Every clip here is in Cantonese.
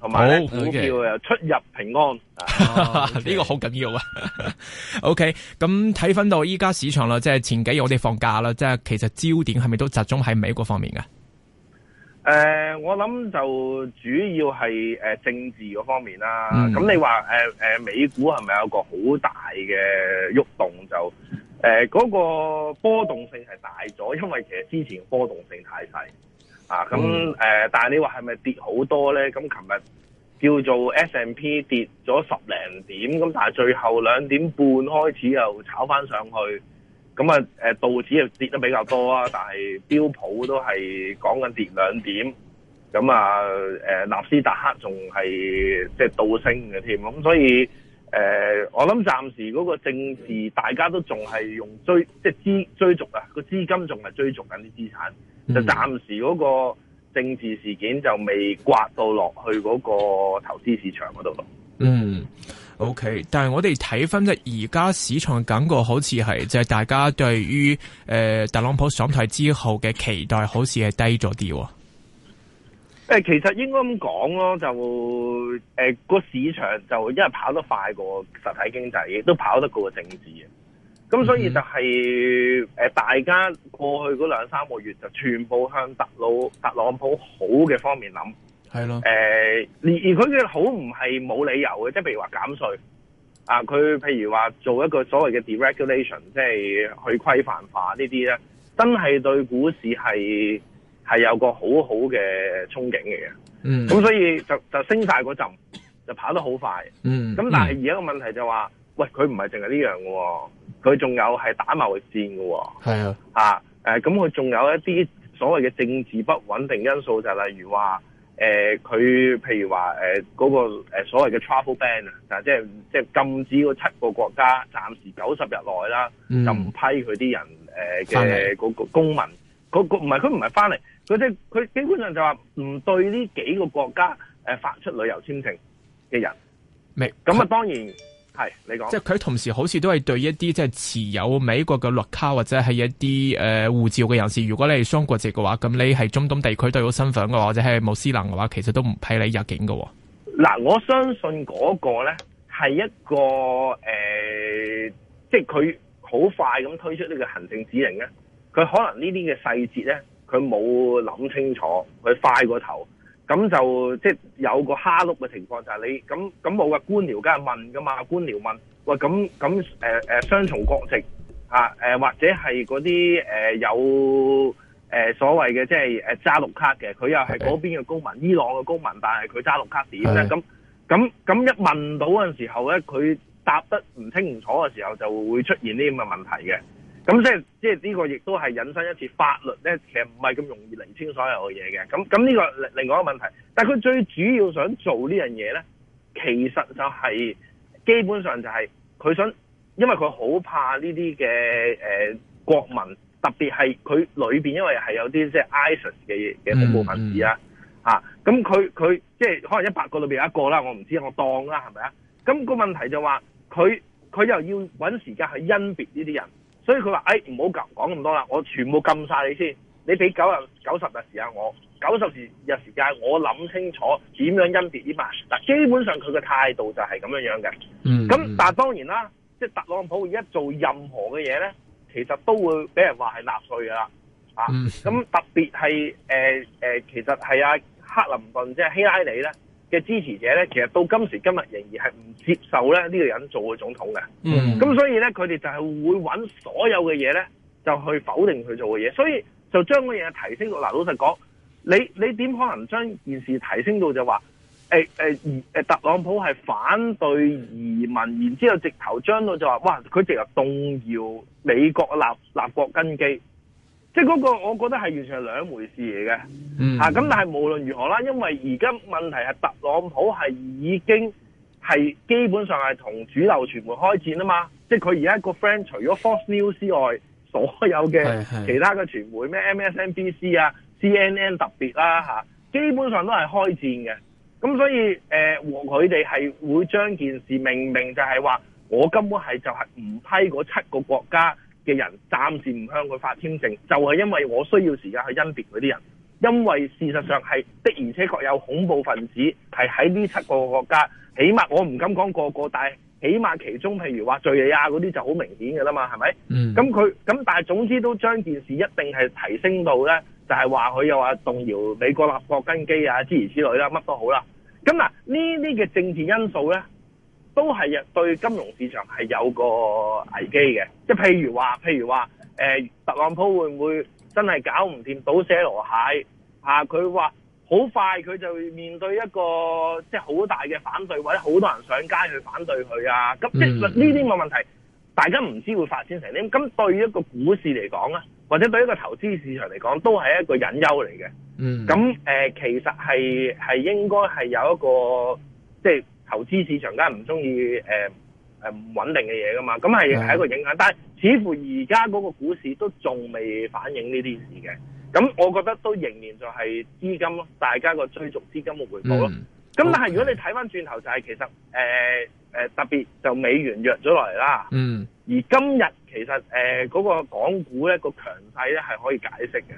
同埋咧，股票、oh, okay. 出入平安，呢、oh, okay. 個好緊要啊！OK，咁睇翻到依家市場啦，即係前幾日我哋放假啦，即係其實焦點係咪都集中喺美國方面嘅？誒、呃，我諗就主要係誒政治個方面啦。咁、嗯、你話誒誒美股係咪有個好大嘅喐動？就誒嗰個波動性係大咗，因為其實之前波動性太細。啊，咁誒，但係你話係咪跌好多咧？咁琴日叫做 S&P 跌咗十零點，咁但係最後兩點半開始又炒翻上去，咁啊誒道指又跌得比較多啊，但係標普都係講緊跌兩點，咁啊誒納斯達克仲係即係倒升嘅添，咁所以誒、呃，我諗暫時嗰個政治大家都仲係用追即係資追逐啊，個資金仲係追逐緊啲資產。就暫時嗰個政治事件就未刮到落去嗰個投資市場嗰度咯。嗯，OK，但係我哋睇翻即而家市場感覺好似係，就係、是、大家對於、呃、特朗普上台之後嘅期待好似係低咗啲喎。其實應該咁講咯，就誒個、呃、市場就因為跑得快過實體經濟，亦都跑得過政治啊。咁所以就係、是 mm hmm. 呃、大家過去嗰兩三個月就全部向特魯、特朗普好嘅方面諗，係咯的，誒、呃、而而佢嘅好唔係冇理由嘅，即係譬如話減稅，啊佢譬如話做一個所謂嘅 deregulation，即係去規範化呢啲咧，真係對股市係係有個好好嘅憧憬嚟嘅。嗯、mm，咁、hmm. 所以就就升晒嗰陣，就跑得好快。嗯、mm，咁、hmm. 但係而家個問題就話、是，喂佢唔係淨係呢樣嘅、啊。佢仲有係打貿易戰嘅喎，係啊，嚇，誒，咁佢仲有一啲所謂嘅政治不穩定因素，就係例如話，誒，佢譬如話，誒，嗰個所謂嘅 travel ban 啊，就即係即係禁止嗰七個國家暫時九十日內啦，嗯，就唔批佢啲人誒嘅嗰個公民嗰個，唔係佢唔係翻嚟，佢即係佢基本上就話唔對呢幾個國家誒發出旅遊簽證嘅人，咁啊當然。係，你講即係佢同時好似都係對一啲即係持有美國嘅綠卡或者係一啲誒護照嘅人士，如果你係雙國籍嘅話，咁你係中東地區對個身份嘅話，或者係穆斯林嘅話，其實都唔批你入境嘅喎。嗱，我相信嗰個咧係一個誒、呃，即係佢好快咁推出呢個行政指令咧，佢可能呢啲嘅細節咧，佢冇諗清楚，佢快過頭。咁就即係有個蝦碌嘅情況就，就係你咁咁冇嘅官僚，梗係問噶嘛？官僚問，喂咁咁誒誒雙重國籍啊、呃、或者係嗰啲誒有誒、呃、所謂嘅即係誒揸綠卡嘅，佢又係嗰邊嘅公民，的伊朗嘅公民，但係佢揸綠卡點咧？咁咁咁一問到嗰陣時候咧，佢答得唔清唔楚嘅時候，就會出現呢啲咁嘅問題嘅。咁即係即係呢個，亦都係引申一次法律咧。其實唔係咁容易釐清所有嘅嘢嘅。咁咁呢個另另外一個問題，但係佢最主要想做呢樣嘢咧，其實就係、是、基本上就係佢想，因為佢好怕呢啲嘅誒國民，特別係佢裏面因為係有啲即係 ISIS 嘅嘅恐怖分子、嗯嗯、啊嚇。咁佢佢即係可能一百個裏邊有一個啦，我唔知我當啦係咪啊？咁、那個問題就話佢佢又要揾時間去甄別呢啲人。所以佢話：，哎，唔好講講咁多啦，我全部禁晒你先，你俾九九十日時間我，九十日時間我諗清楚點樣甄別啫嘛。嗱，基本上佢嘅態度就係咁樣樣嘅。嗯，咁但係當然啦，即係特朗普而家做任何嘅嘢咧，其實都會俾人話係納粹噶啦。嗯、啊，咁特別係、呃呃、其實係阿克林頓即係希拉里咧。嘅支持者咧，其實到今時今日仍然係唔接受咧呢個人做嘅總統嘅。嗯，咁所以咧，佢哋就係會揾所有嘅嘢咧，就去否定佢做嘅嘢，所以就將嗰嘢提升到嗱，老實講，你你點可能將件事提升到就話，哎哎，特朗普係反對移民，然之後直頭將到就話，哇，佢直頭動搖美國立立國根基。即係嗰個，我覺得係完全係兩回事嚟嘅嚇。咁、嗯啊、但係無論如何啦，因為而家問題係特朗普係已經係基本上係同主流傳媒開戰啊嘛。即係佢而家個 friend 除咗 Fox News 之外，所有嘅其他嘅傳媒咩 MSNBC 啊、CNN 特別啦嚇，基本上都係開戰嘅。咁、嗯、所以、呃、和佢哋係會將件事明明就係話，我根本係就係唔批嗰七個國家嘅人暫時唔向佢發簽證，就係因為我需要時間去甄別嗰啲人，因為事實上係的而且確有恐怖分子係喺呢七個國家，起碼我唔敢講個個，但係起碼其中譬如話敍利亞嗰啲就好明顯㗎啦嘛，係咪？嗯。咁佢咁但係總之都將件事一定係提升到咧，就係話佢又話動搖美國立國根基啊之類之類啦，乜都好啦。咁嗱，呢啲嘅政治因素咧。都係對金融市場係有個危機嘅，即係譬如話，譬如話，誒、呃，特朗普會唔會真係搞唔掂倒瀉籮蟹啊？佢話好快佢就會面對一個即係好大嘅反對，或者好多人上街去反對佢啊？咁即呢啲個問題，嗯、大家唔知道會發展成點？咁對於一個股市嚟講咧，或者對於一個投資市場嚟講，都係一個隱憂嚟嘅。咁誒、嗯啊，其實係係應該係有一個即係。投資市場梗係唔中意誒唔穩定嘅嘢㗎嘛，咁係係一個影響。Mm. 但係似乎而家嗰個股市都仲未反映呢啲事嘅，咁我覺得都仍然就係資金咯，大家個追逐資金嘅回報咯。咁、mm. Okay. 但係如果你睇翻轉頭就係，其實誒、呃呃、特別就美元弱咗落嚟啦，嗯，mm. 而今日其實誒嗰、呃嗰個港股呢、嗰個強勢咧係可以解釋嘅。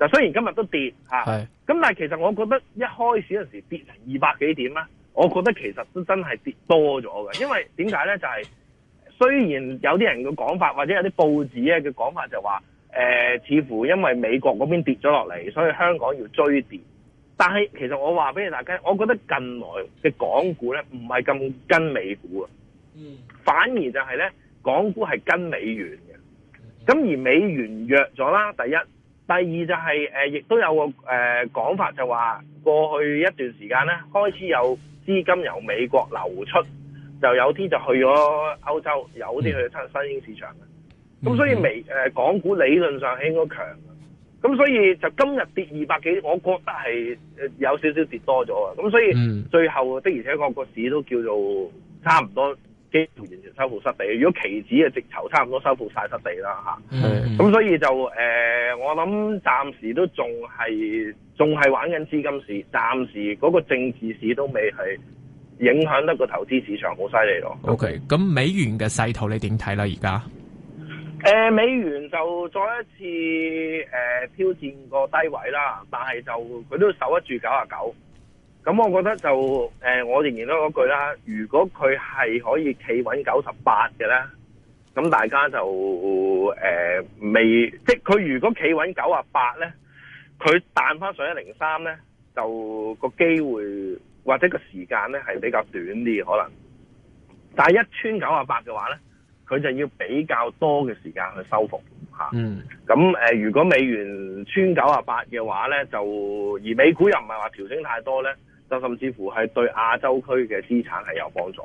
就雖然今日都跌吓咁、啊 mm. 但係其實我覺得一開始嗰陣時跌成二百幾點啦。我覺得其實都真係跌多咗嘅，因為點解呢？就係、是、雖然有啲人嘅講法，或者有啲報紙嘅講法就話、呃，似乎因為美國嗰邊跌咗落嚟，所以香港要追跌。但係其實我話俾你大家，我覺得近來嘅港股呢，唔係咁跟美股啊，嗯，反而就係呢，港股係跟美元嘅。咁而美元弱咗啦，第一。第二就係、是、誒，亦、呃、都有個誒、呃、講法，就話過去一段時間咧，開始有資金由美國流出，就有啲就去咗歐洲，有啲去咗新新興市場嘅。咁、嗯、所以、呃、港股理論上應該強，咁所以就今日跌二百幾，我覺得係有少少跌多咗啊。咁所以最後的而且確個市都叫做差唔多。幾乎完全收復失地，如果期指啊直頭差唔多收復晒失地啦吓，咁、嗯、所以就誒、呃，我諗暫時都仲係仲係玩緊資金市，暫時嗰個政治市都未係影響得個投資市場好犀利咯。OK，咁、嗯、美元嘅勢頭你點睇啦？而家誒，美元就再一次誒、呃、挑戰個低位啦，但係就佢都守得住九啊九。咁、嗯、我覺得就誒、呃，我仍然都嗰句啦。如果佢係可以企穩九十八嘅咧，咁大家就誒、呃、未，即佢如果企穩九啊八咧，佢彈翻上一零三咧，就個機會或者個時間咧係比較短啲可能。但一穿九啊八嘅話咧，佢就要比較多嘅時間去收復吓。嗯。咁、呃、如果美元穿九啊八嘅話咧，就而美股又唔係話調整太多咧，就甚至乎係對亞洲區嘅資產係有幫助。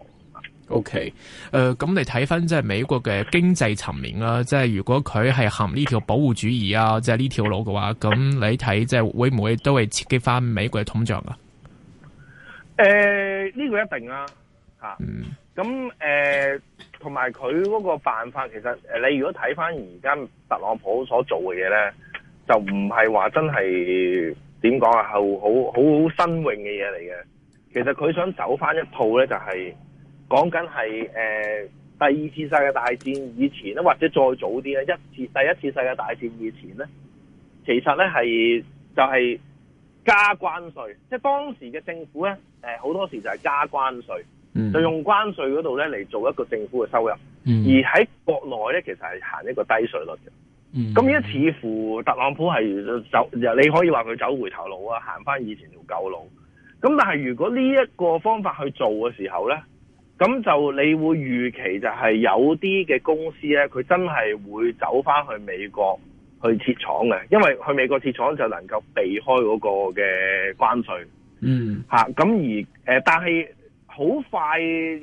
OK，誒，咁你睇翻即係美國嘅經濟層面啦，即、就、係、是、如果佢係行呢條保護主義啊，即係呢條路嘅話，咁你睇即係會唔會都係刺激翻美國嘅通脹啊？誒、呃、呢、這個一定啊，吓、啊，咁誒、嗯，同埋佢嗰個辦法，其實誒，你如果睇翻而家特朗普所做嘅嘢咧，就唔係話真係。點講啊，係好好好新穎嘅嘢嚟嘅。其實佢想走翻一套呢、就係，就係講緊係誒第二次世界大戰以前呢，或者再早啲咧，一次第一次世界大戰以前呢，其實呢係就係加關稅，即係當時嘅政府呢，誒好多時就係加關稅，就用關稅嗰度呢嚟做一個政府嘅收入，嗯、而喺國內呢，其實係行一個低稅率嘅。咁而家似乎特朗普係走，你可以話佢走回頭路啊，行翻以前條舊路。咁但係如果呢一個方法去做嘅時候咧，咁就你會預期就係有啲嘅公司咧，佢真係會走翻去美國去設廠嘅，因為去美國設廠就能夠避開嗰個嘅關稅。嗯，吓咁、啊、而誒、呃，但係好快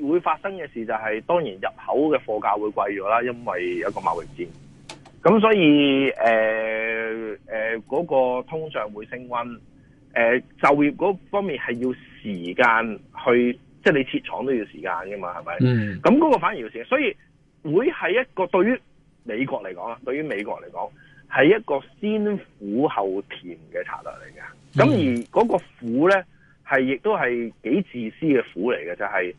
會發生嘅事就係、是，當然入口嘅貨價會貴咗啦，因為有個貿易戰。咁所以，誒誒嗰個通脹會升溫，誒、呃、就業嗰方面係要時間去，即係你設廠都要時間噶嘛，係咪？嗯。咁嗰個反而要時間，所以會係一個對於美國嚟講，啊，對於美國嚟講，係一個先苦後甜嘅策略嚟嘅。咁而嗰個苦咧，係亦都係幾自私嘅苦嚟嘅，就係、是、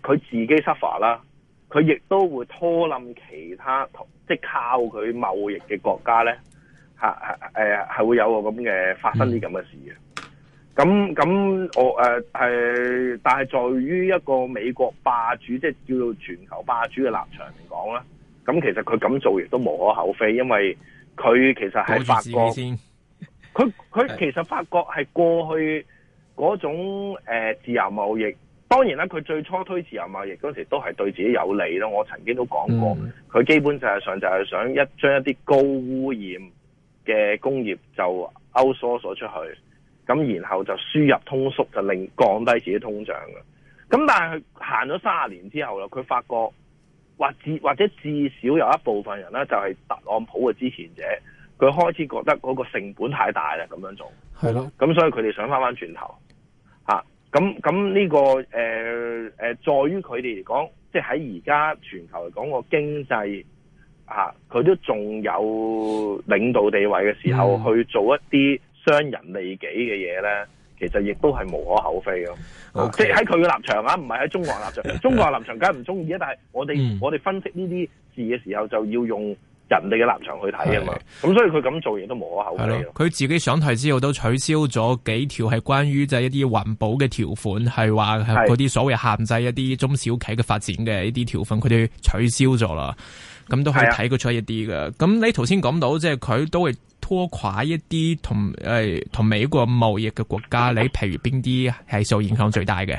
誒，佢、呃、自己 suffer 啦。佢亦都會拖冧其他，即係靠佢貿易嘅國家咧，嚇嚇誒係會有個咁嘅發生啲咁嘅事嘅。咁咁、嗯、我誒係、呃，但係在於一個美國霸主，即係叫做全球霸主嘅立場嚟講啦。咁其實佢咁做亦都無可厚非，因為佢其實係法國先，佢佢其實法國係過去嗰種、呃、自由貿易。當然啦，佢最初推自由貿易嗰時候都係對自己有利咯。我曾經都講過，佢、嗯、基本上就係想一將一啲高污染嘅工業就 outsource 咗出去，咁然後就輸入通縮，就令降低自己的通脹嘅。咁但係佢行咗三十年之後啦，佢發覺或至或者至少有一部分人咧就係特朗普嘅支持者，佢開始覺得嗰個成本太大啦，咁樣做係咯。咁的所以佢哋想翻翻轉頭、啊咁咁呢個誒誒、呃呃，在於佢哋嚟講，即喺而家全球嚟講個經濟佢、啊、都仲有領導地位嘅時候，去做一啲傷人利己嘅嘢咧，其實亦都係無可厚非咯。啊、Okay. 即喺佢嘅立場啊，唔係喺中國立場。 中國立場梗係唔中意啊，但係我哋、嗯、我哋分析呢啲事嘅時候，就要用，人哋嘅立場去睇啊嘛，咁的所以佢咁做嘢都冇可厚非咯。佢自己上台之後都取消咗幾條係關於就係一啲環保嘅條款，係話係嗰啲所謂限制一啲中小企嘅發展嘅一啲條款，佢哋的取消咗啦。咁都係睇佢出一啲嘅。咁的你頭先講到即係佢都會拖垮一啲同誒同美國貿易嘅國家，你譬如邊啲係受影響最大嘅？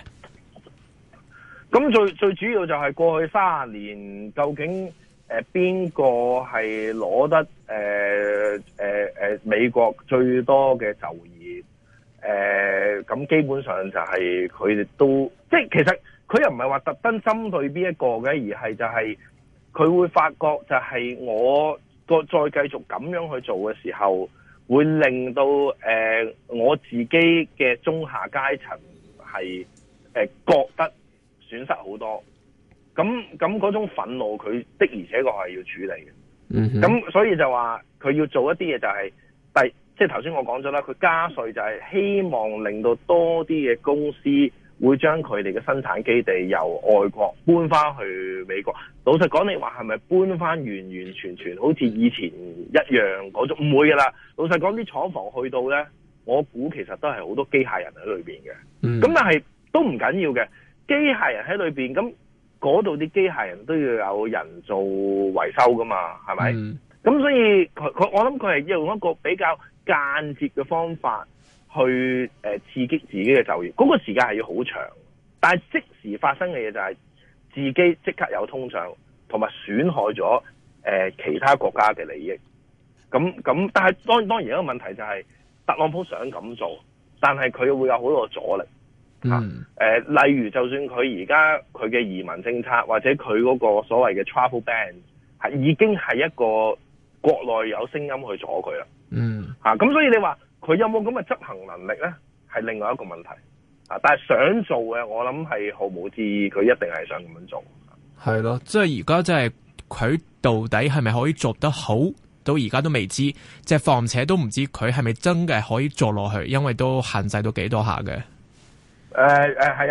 咁 最最主要就係過去三年究竟？誒，邊個係攞得誒誒誒美國最多嘅就業？誒、呃、咁基本上就係佢哋都即係其實佢又唔係話特登針對邊一個嘅，而係就係佢會發覺就係我個再繼續咁樣去做嘅時候，會令到誒、呃、我自己嘅中下階層係誒覺得損失好多。咁咁嗰種憤怒，佢的而且確係要處理嘅。咁、mm hmm. 所以就話佢要做一啲嘢、就係，就係第即係頭先我講咗啦，佢加稅就係希望令到多啲嘅公司會將佢哋嘅生產基地由外國搬翻去美國。老實講，你話係咪搬翻完完全全好似以前一樣嗰種？唔會噶啦。老實講，啲廠房去到呢，我估其實都係好多機械人喺裏面嘅。咁、mm hmm. 但係都唔緊要嘅，機械人喺裏面。咁。嗰度啲機械人都要有人做維修噶嘛，係咪？咁、嗯、所以佢佢我諗佢係要用一個比較間接嘅方法去誒、呃、刺激自己嘅就業，嗰、那個時間係要好長。但係即時發生嘅嘢就係自己即刻有通脹，同埋損害咗誒、呃、其他國家嘅利益。咁咁，但係當然當然一個問題就係、是、特朗普想咁做，但係佢會有好多的阻力。誒、嗯啊，例如就算佢而家佢嘅移民政策或者佢嗰個所謂嘅 travel ban 係已經係一個國內有聲音去阻佢啦。嗯、吓咁、啊，所以你話佢有冇咁嘅執行能力咧？係另外一個問題啊。但係想做嘅，我諗係毫無置疑，佢一定係想咁樣做係咯。即係而家即係佢到底係咪可以做得好，到而家都未知。即係況且都唔知佢係咪真嘅可以做落去，因為都限制到幾多下嘅。誒誒係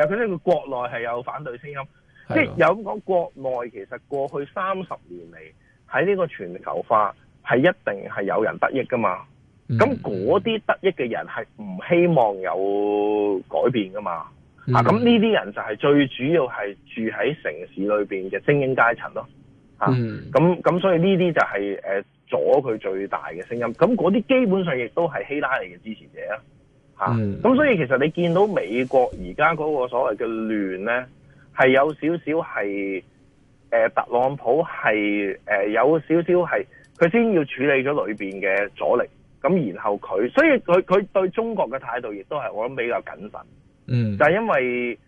啊，佢呢個國內係有反對聲音，的即係有咁講，國內其實過去三十年嚟喺呢個全球化係一定係有人得益噶嘛，咁嗰啲得益嘅人係唔希望有改變噶嘛，嗯、啊咁呢啲人就係最主要係住喺城市裏面嘅精英階層咯，嚇、啊，咁咁、嗯啊、所以呢啲就係、是呃、阻佢最大嘅聲音，咁嗰啲基本上亦都係希拉里嘅支持者啊。吓，咁、嗯啊、所以其實你見到美國而家嗰個所謂嘅亂呢，係有少少係特朗普係、呃、有少少係佢先要處理咗裏邊嘅阻力，咁然後佢，所以佢佢對中國嘅態度亦都係我諗比較謹慎，嗯，就係因為誒呢、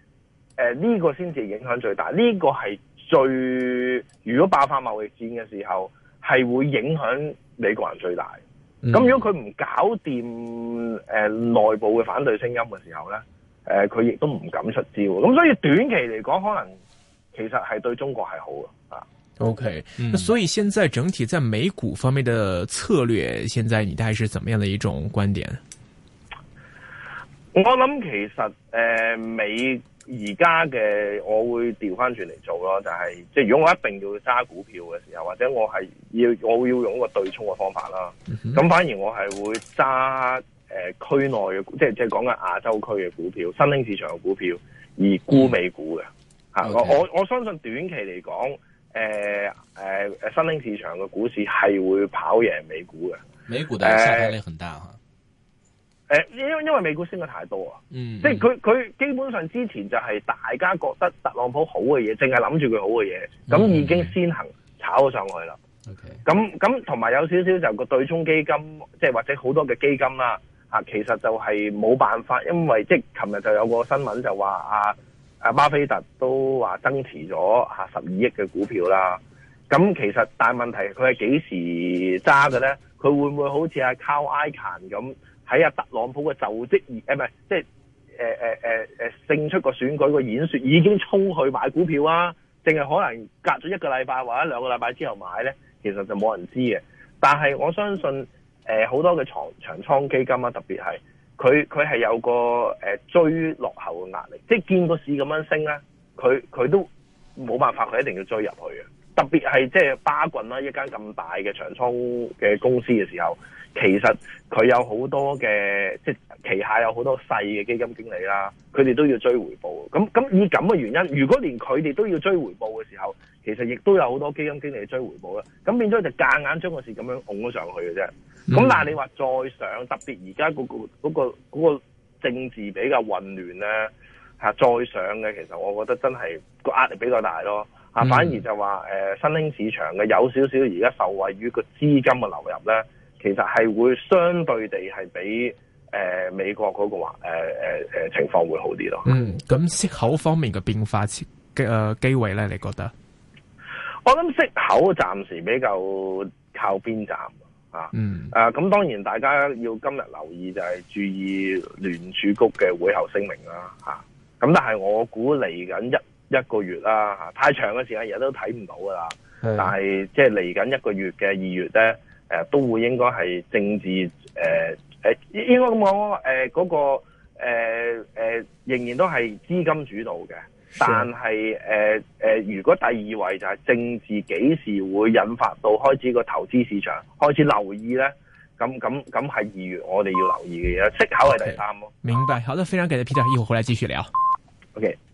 呃呢個先至影響最大，呢、呢個係最如果爆發貿易戰嘅時候，係會影響美國人最大。咁、嗯、如果佢唔搞掂誒內部嘅反對聲音嘅時候咧，誒佢亦都唔敢出招。咁所以短期嚟講，可能其實係對中國係好嘅。啊，OK，嗯，所以現在整體在美股方面的策略，現在你睇是怎麼樣的一種觀點？我諗其實誒、呃、美。而家嘅我會調翻轉嚟做咯，就係、是、即係如果我一定要揸股票嘅時候，或者我係要我要用一個對沖嘅方法啦。咁、嗯、哼反而我係會揸誒區內嘅，即係即係講緊亞洲區嘅股票、新興市場嘅股票而沽美股嘅。嚇、嗯，Okay. 我我我相信短期嚟講，誒誒誒新興市場嘅股市係會跑贏美股嘅。美股嘅下跌力很大嚇。呃誒，因為因為美股升得太多啊，嗯、即係佢佢基本上之前就係大家覺得特朗普好嘅嘢，淨係諗住佢好嘅嘢，咁、嗯、已經先行炒咗上去啦。OK，咁咁同埋有少少就個對沖基金，即係或者好多嘅基金啦，嚇，其實就係冇辦法，因為即係琴日就有個新聞就話啊，阿巴菲特都話增持咗嚇十二億嘅股票啦。咁其實但係問題佢係幾時揸嘅咧？佢會唔會好似阿 Carl Icahn 咁？睇下特朗普嘅就職而，誒唔係，即係誒誒誒誒勝出個選舉個演説，已經衝去買股票啊！淨係可能隔咗一個禮拜或者兩個禮拜之後買咧，其實就冇人知嘅。但係我相信，誒、欸、好多嘅長長倉基金啊，特別係佢佢係有個誒、呃、追落後嘅壓力，即係見個市咁樣升咧，佢佢都冇辦法，佢一定要追入去嘅。特別係即係巴郡啦、啊，一間咁大嘅長倉嘅公司嘅時候。其實佢有好多嘅，即係旗下有好多細嘅基金經理啦，佢哋都要追回報。咁咁以咁嘅原因，如果連佢哋都要追回報嘅時候，其實亦都有好多基金經理追回報啦。咁變咗就夾硬將個事咁樣拱咗上去嘅啫。咁但係你話再上，特別而家嗰個嗰、嗰個嗰、嗰個嗰個政治比較混亂咧、啊，再上嘅，其實我覺得真係個壓力比較大咯。啊，反而就話誒、呃、新興市場嘅有少少而家受惠於個資金嘅流入咧。其實係會相對地係比誒、呃、美國嗰、那個話誒誒誒情況會好啲咯。嗯，咁息口方面嘅變化誒機會咧，你覺得？我諗息口暫時比較靠邊站、嗯、啊，啊。嗯。誒，咁當然大家要今日留意就係注意聯儲局嘅會後聲明啦。吓、啊，咁、啊、但係我估嚟緊一一個月啦吓、啊，太長嘅時間而家都睇唔到噶啦。係。但係即係嚟緊一個月嘅二月咧。誒，都會應該係政治誒誒、呃，應該咁講咯。誒、呃，嗰、那個誒誒、呃呃，仍然都係資金主導嘅。但係誒誒，如果第二位就係政治幾時會引發到開始個投資市場開始留意咧？咁咁咁係二月我哋要留意嘅嘢，息口係第三咯。明白，好，多非常感謝 Peter，以後我哋繼續聊。OK。Okay.